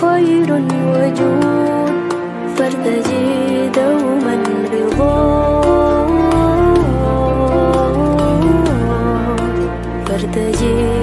خير الوجود فارتجي دوما رضا فارتجي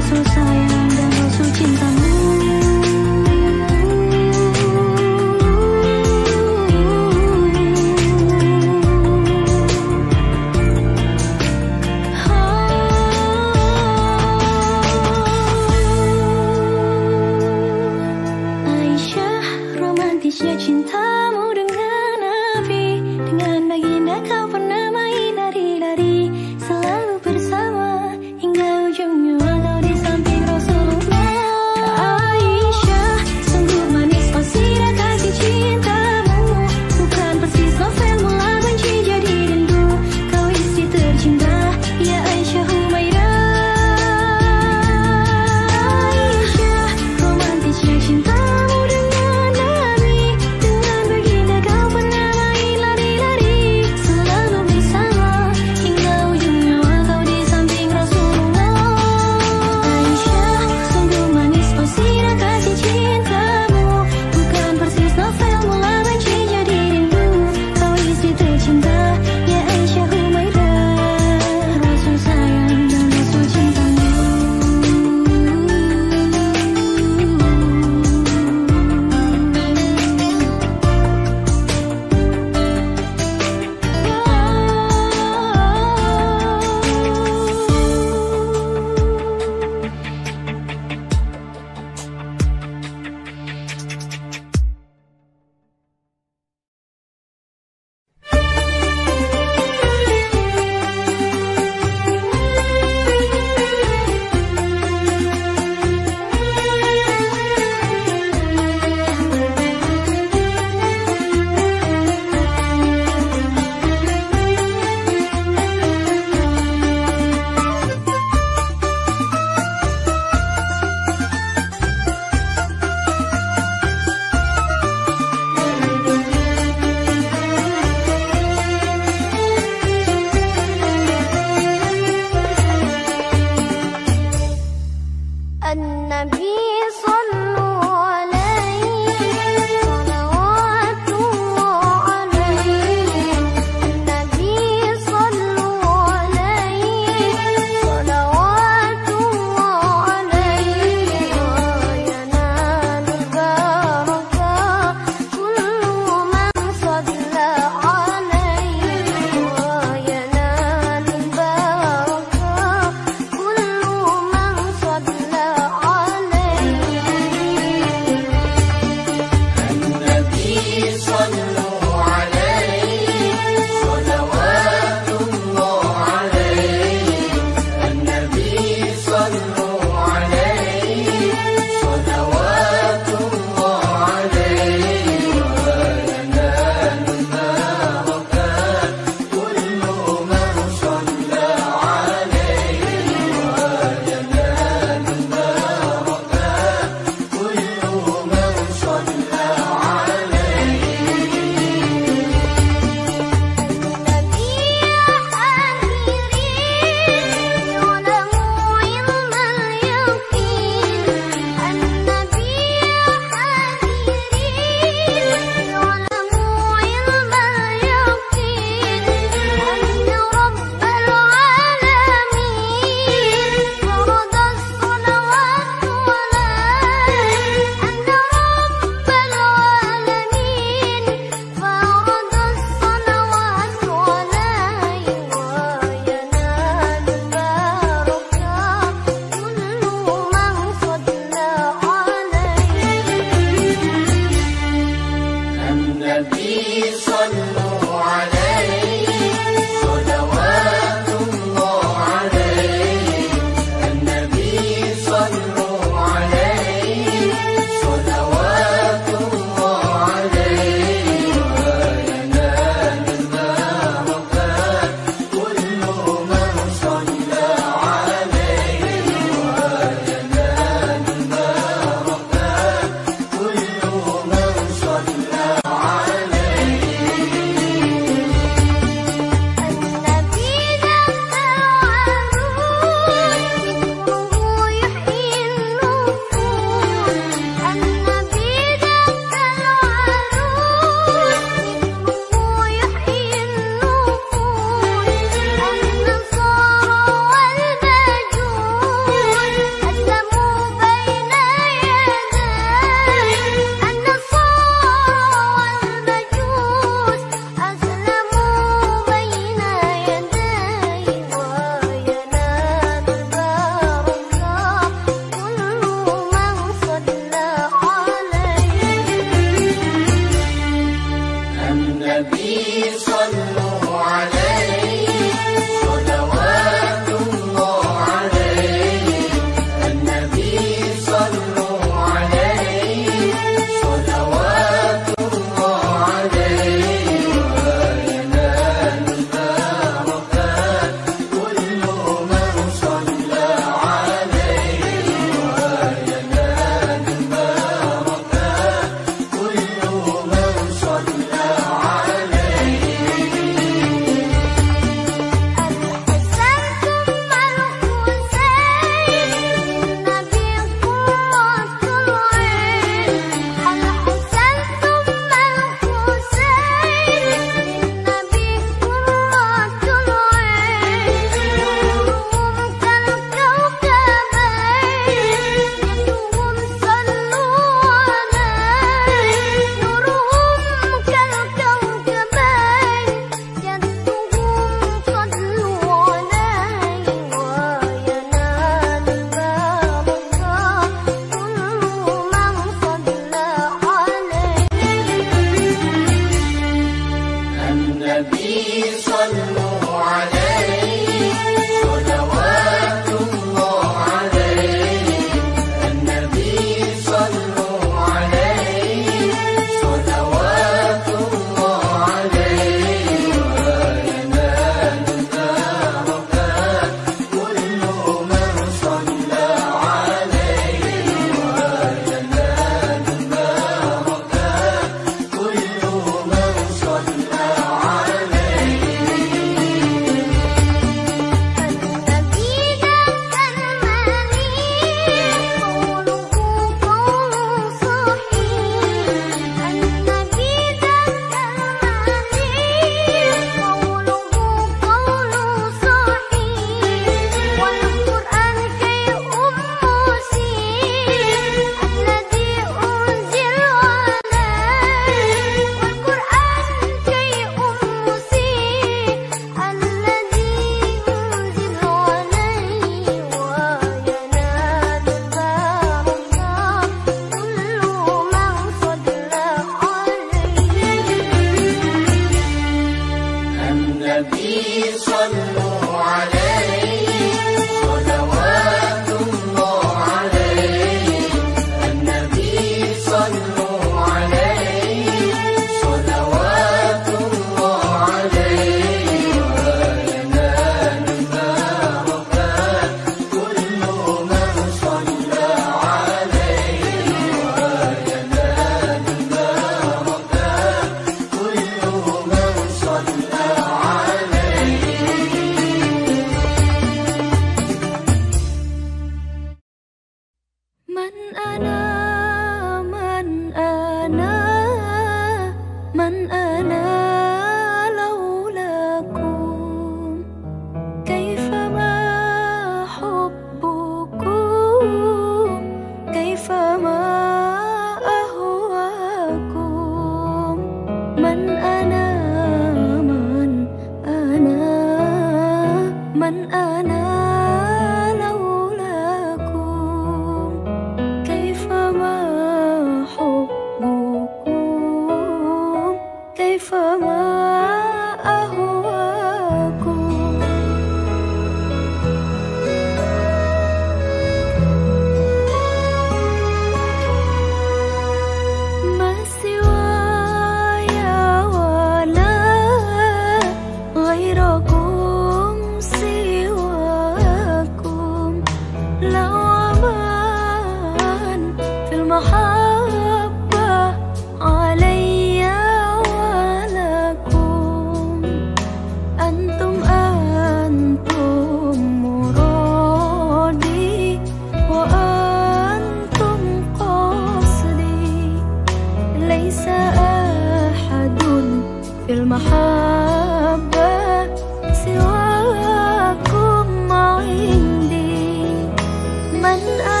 我们。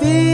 fim.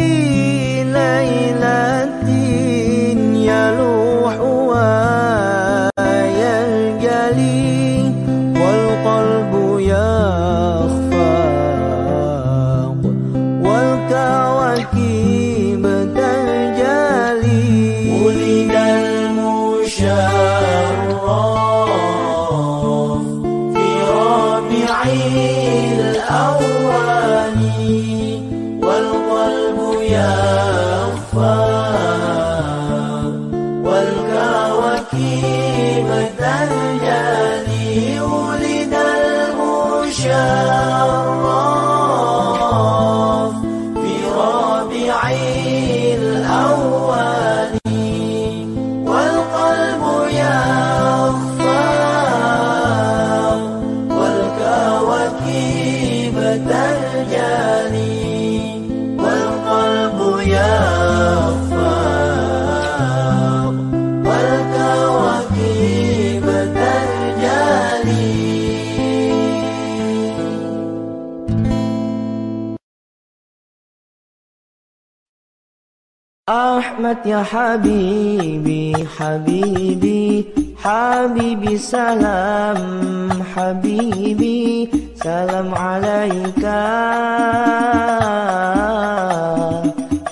مات يا حبيبي حبيبي حبيبي سلام حبيبي سلام عليك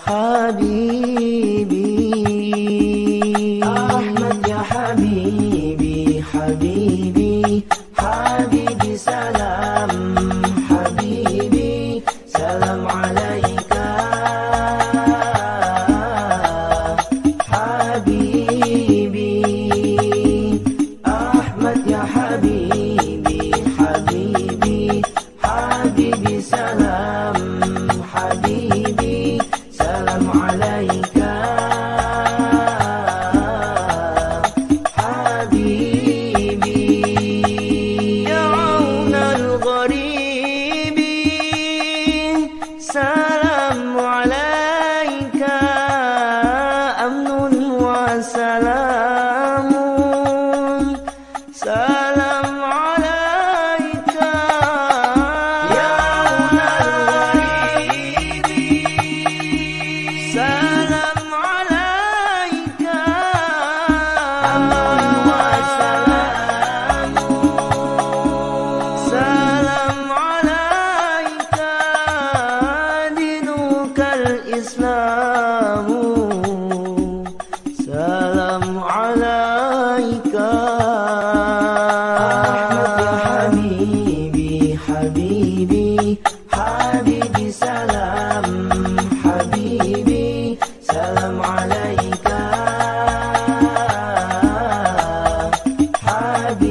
حبيبي आदि